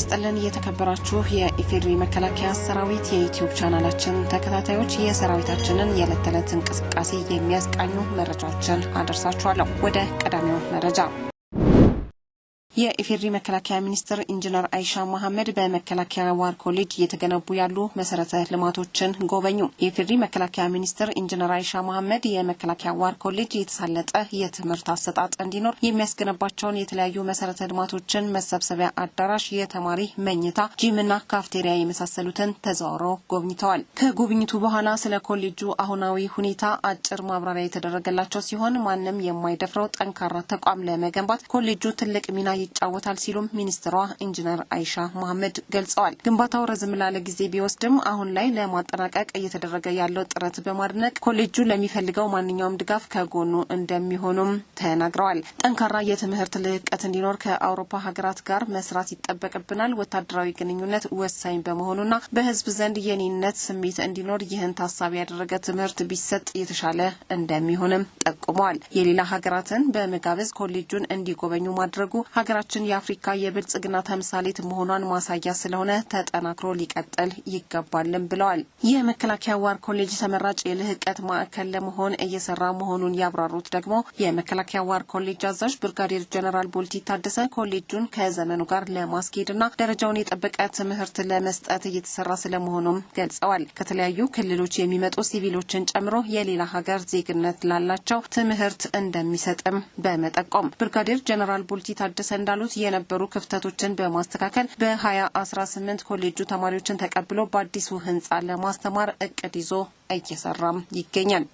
ይስጥልን እየተከበራችሁ የኢፌዴሪ መከላከያ ሰራዊት የዩትዩብ ቻናላችን ተከታታዮች የሰራዊታችንን የዕለት ተዕለት እንቅስቃሴ የሚያስቃኙ መረጃዎችን አደርሳችኋለሁ። ወደ ቀዳሚው መረጃ የኢፌዴሪ መከላከያ ሚኒስትር ኢንጂነር አይሻ መሐመድ በመከላከያ ዋር ኮሌጅ እየተገነቡ ያሉ መሰረተ ልማቶችን ጎበኙ። የኢፌዴሪ መከላከያ ሚኒስትር ኢንጂነር አይሻ መሐመድ የመከላከያ ዋር ኮሌጅ የተሳለጠ የትምህርት አሰጣጥ እንዲኖር የሚያስገነባቸውን የተለያዩ መሰረተ ልማቶችን መሰብሰቢያ አዳራሽ፣ የተማሪ መኝታ፣ ጂምና ካፍቴሪያ የመሳሰሉትን ተዘዋውረው ጎብኝተዋል። ከጉብኝቱ በኋላ ስለ ኮሌጁ አሁናዊ ሁኔታ አጭር ማብራሪያ የተደረገላቸው ሲሆን ማንም የማይደፍረው ጠንካራ ተቋም ለመገንባት ኮሌጁ ትልቅ ሚና ይጫወታል ሲሉም ሚኒስትሯ ኢንጂነር አይሻ መሐመድ ገልጸዋል። ግንባታው ረዝም ላለ ጊዜ ቢወስድም አሁን ላይ ለማጠናቀቅ እየተደረገ ያለው ጥረት በማድነቅ ኮሌጁ ለሚፈልገው ማንኛውም ድጋፍ ከጎኑ እንደሚሆኑም ተናግረዋል። ጠንካራ የትምህርት ልህቀት እንዲኖር ከአውሮፓ ሀገራት ጋር መስራት ይጠበቅብናል። ወታደራዊ ግንኙነት ወሳኝ በመሆኑና በህዝብ ዘንድ የኔነት ስሜት እንዲኖር ይህን ታሳቢ ያደረገ ትምህርት ቢሰጥ የተሻለ እንደሚሆንም ጠቁመዋል። የሌላ ሀገራትን በመጋበዝ ኮሌጁን እንዲጎበኙ ማድረጉ ሀገራችን የአፍሪካ የብልጽግና ተምሳሌት መሆኗን ማሳያ ስለሆነ ተጠናክሮ ሊቀጥል ይገባልም ብለዋል። የመከላከያ ዋር ኮሌጅ ተመራጭ የልህቀት ማዕከል ለመሆን እየሰራ መሆኑን ያብራሩት ደግሞ የመከላከያ ዋር ኮሌጅ አዛዥ ብርጋዴር ጀነራል ቦልቲ ታደሰ ኮሌጁን ከዘመኑ ጋር ለማስኬድና ደረጃውን የጠበቀ ትምህርት ለመስጠት እየተሰራ ስለመሆኑም ገልጸዋል። ከተለያዩ ክልሎች የሚመጡ ሲቪሎችን ጨምሮ የሌላ ሀገር ዜግነት ላላቸው ትምህርት እንደሚሰጥም በመጠቆም ብርጋዴር ጀነራል ቦልቲ ታደሰ እንዳሉት የነበሩ ክፍተቶችን በማስተካከል በ2018 ኮሌጁ ተማሪዎችን ተቀብሎ በአዲሱ ህንፃ ለማስተማር እቅድ ይዞ እየሰራም ይገኛል።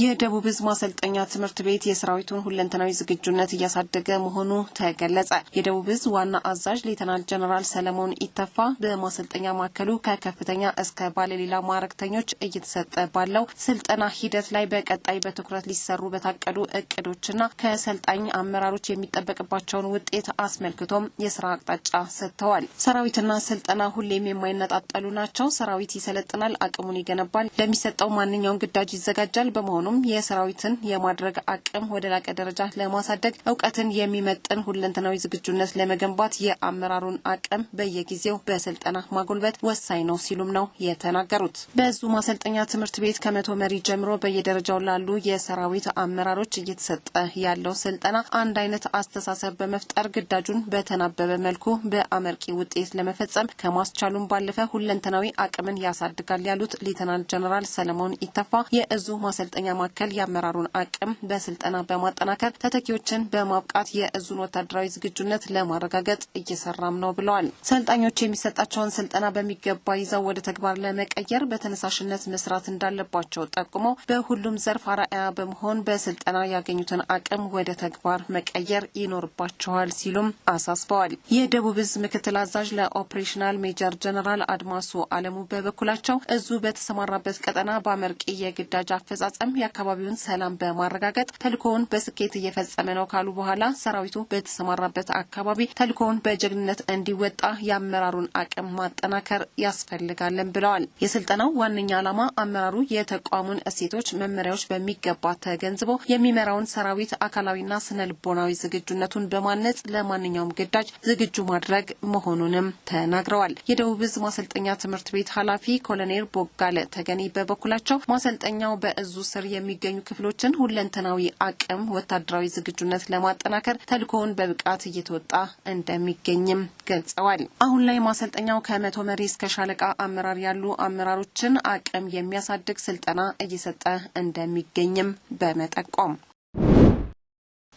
የደቡብ ህዝብ ማሰልጠኛ ትምህርት ቤት የሰራዊቱን ሁለንተናዊ ዝግጁነት እያሳደገ መሆኑ ተገለጸ። የደቡብ ህዝብ ዋና አዛዥ ሌተናል ጀነራል ሰለሞን ኢተፋ በማሰልጠኛ ማዕከሉ ከከፍተኛ እስከ ባለሌላ ማዕረግተኞች እየተሰጠ ባለው ስልጠና ሂደት ላይ በቀጣይ በትኩረት ሊሰሩ በታቀዱ እቅዶችና ከሰልጣኝ አመራሮች የሚጠበቅባቸውን ውጤት አስመልክቶም የስራ አቅጣጫ ሰጥተዋል። ሰራዊትና ስልጠና ሁሌም የማይነጣጠሉ ናቸው። ሰራዊት ይሰለጥናል፣ አቅሙን ይገነባል፣ ለሚሰጠው ማንኛውም ግዳጅ ይዘጋጃል። በመሆኑ በመሆኑም የሰራዊትን የማድረግ አቅም ወደ ላቀ ደረጃ ለማሳደግ እውቀትን የሚመጥን ሁለንተናዊ ዝግጁነት ለመገንባት የአመራሩን አቅም በየጊዜው በስልጠና ማጎልበት ወሳኝ ነው ሲሉም ነው የተናገሩት። በዙ ማሰልጠኛ ትምህርት ቤት ከመቶ መሪ ጀምሮ በየደረጃው ላሉ የሰራዊት አመራሮች እየተሰጠ ያለው ስልጠና አንድ አይነት አስተሳሰብ በመፍጠር ግዳጁን በተናበበ መልኩ በአመርቂ ውጤት ለመፈጸም ከማስቻሉም ባለፈ ሁለንተናዊ አቅምን ያሳድጋል ያሉት ሌተናንት ጀነራል ሰለሞን ኢተፋ የእዙ ማሰልጠኛ በማከል የአመራሩን አቅም በስልጠና በማጠናከር ተተኪዎችን በማብቃት የእዙን ወታደራዊ ዝግጁነት ለማረጋገጥ እየሰራም ነው ብለዋል። ሰልጣኞች የሚሰጣቸውን ስልጠና በሚገባ ይዘው ወደ ተግባር ለመቀየር በተነሳሽነት መስራት እንዳለባቸው ጠቁመው በሁሉም ዘርፍ አርአያ በመሆን በስልጠና ያገኙትን አቅም ወደ ተግባር መቀየር ይኖርባቸዋል ሲሉም አሳስበዋል። የደቡብ እዝ ምክትል አዛዥ ለኦፕሬሽናል ሜጀር ጀነራል አድማሱ አለሙ በበኩላቸው እዙ በተሰማራበት ቀጠና በአመርቂ የግዳጅ አፈጻጸም የአካባቢውን ሰላም በማረጋገጥ ተልኮውን በስኬት እየፈጸመ ነው ካሉ በኋላ ሰራዊቱ በተሰማራበት አካባቢ ተልኮውን በጀግንነት እንዲወጣ የአመራሩን አቅም ማጠናከር ያስፈልጋለን ብለዋል። የስልጠናው ዋነኛ ዓላማ አመራሩ የተቋሙን እሴቶች፣ መመሪያዎች በሚገባ ተገንዝቦ የሚመራውን ሰራዊት አካላዊና ስነ ልቦናዊ ዝግጁነቱን በማነጽ ለማንኛውም ግዳጅ ዝግጁ ማድረግ መሆኑንም ተናግረዋል። የደቡብ እዝ ማሰልጠኛ ትምህርት ቤት ኃላፊ ኮሎኔል ቦጋለ ተገኒ በበኩላቸው ማሰልጠኛው በእዙ ስር የሚገኙ ክፍሎችን ሁለንተናዊ አቅም፣ ወታደራዊ ዝግጁነት ለማጠናከር ተልእኮውን በብቃት እየተወጣ እንደሚገኝም ገልጸዋል። አሁን ላይ ማሰልጠኛው ከመቶ መሪ እስከ ሻለቃ አመራር ያሉ አመራሮችን አቅም የሚያሳድግ ስልጠና እየሰጠ እንደሚገኝም በመጠቆም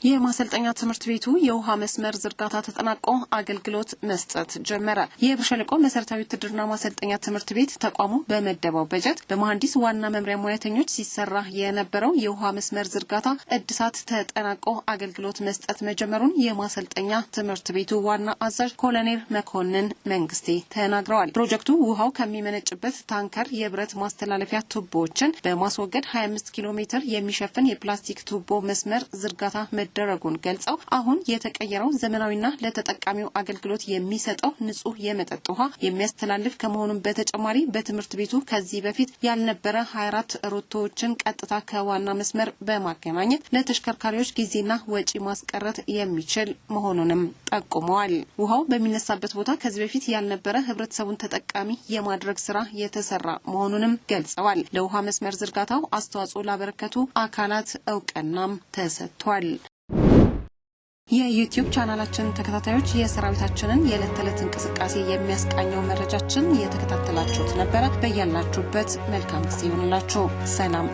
የማሰልጠኛ ትምህርት ቤቱ የውሃ መስመር ዝርጋታ ተጠናቆ አገልግሎት መስጠት ጀመረ። የብር ሸለቆ መሰረታዊ ውትድርና ማሰልጠኛ ትምህርት ቤት ተቋሙ በመደበው በጀት በመሐንዲስ ዋና መምሪያ ሙያተኞች ሲሰራ የነበረው የውሃ መስመር ዝርጋታ እድሳት ተጠናቆ አገልግሎት መስጠት መጀመሩን የማሰልጠኛ ትምህርት ቤቱ ዋና አዛዥ ኮሎኔል መኮንን መንግስቴ ተናግረዋል። ፕሮጀክቱ ውሃው ከሚመነጭበት ታንከር የብረት ማስተላለፊያ ቱቦዎችን በማስወገድ 25 ኪሎ ሜትር የሚሸፍን የፕላስቲክ ቱቦ መስመር ዝርጋታ መደረጉን ገልጸው አሁን የተቀየረው ዘመናዊና ለተጠቃሚው አገልግሎት የሚሰጠው ንጹህ የመጠጥ ውሃ የሚያስተላልፍ ከመሆኑም በተጨማሪ በትምህርት ቤቱ ከዚህ በፊት ያልነበረ 24 ሮቶዎችን ቀጥታ ከዋና መስመር በማገናኘት ለተሽከርካሪዎች ጊዜና ወጪ ማስቀረት የሚችል መሆኑንም ጠቁመዋል። ውሃው በሚነሳበት ቦታ ከዚህ በፊት ያልነበረ ህብረተሰቡን ተጠቃሚ የማድረግ ስራ የተሰራ መሆኑንም ገልጸዋል። ለውሃ መስመር ዝርጋታው አስተዋጽኦ ላበረከቱ አካላት እውቅናም ተሰጥቷል። የዩቲዩብ ቻናላችን ተከታታዮች የሰራዊታችንን የዕለት ተዕለት እንቅስቃሴ የሚያስቃኘው መረጃችን የተከታተላችሁት ነበረ። በያላችሁበት መልካም ጊዜ ይሆንላችሁ። ሰላም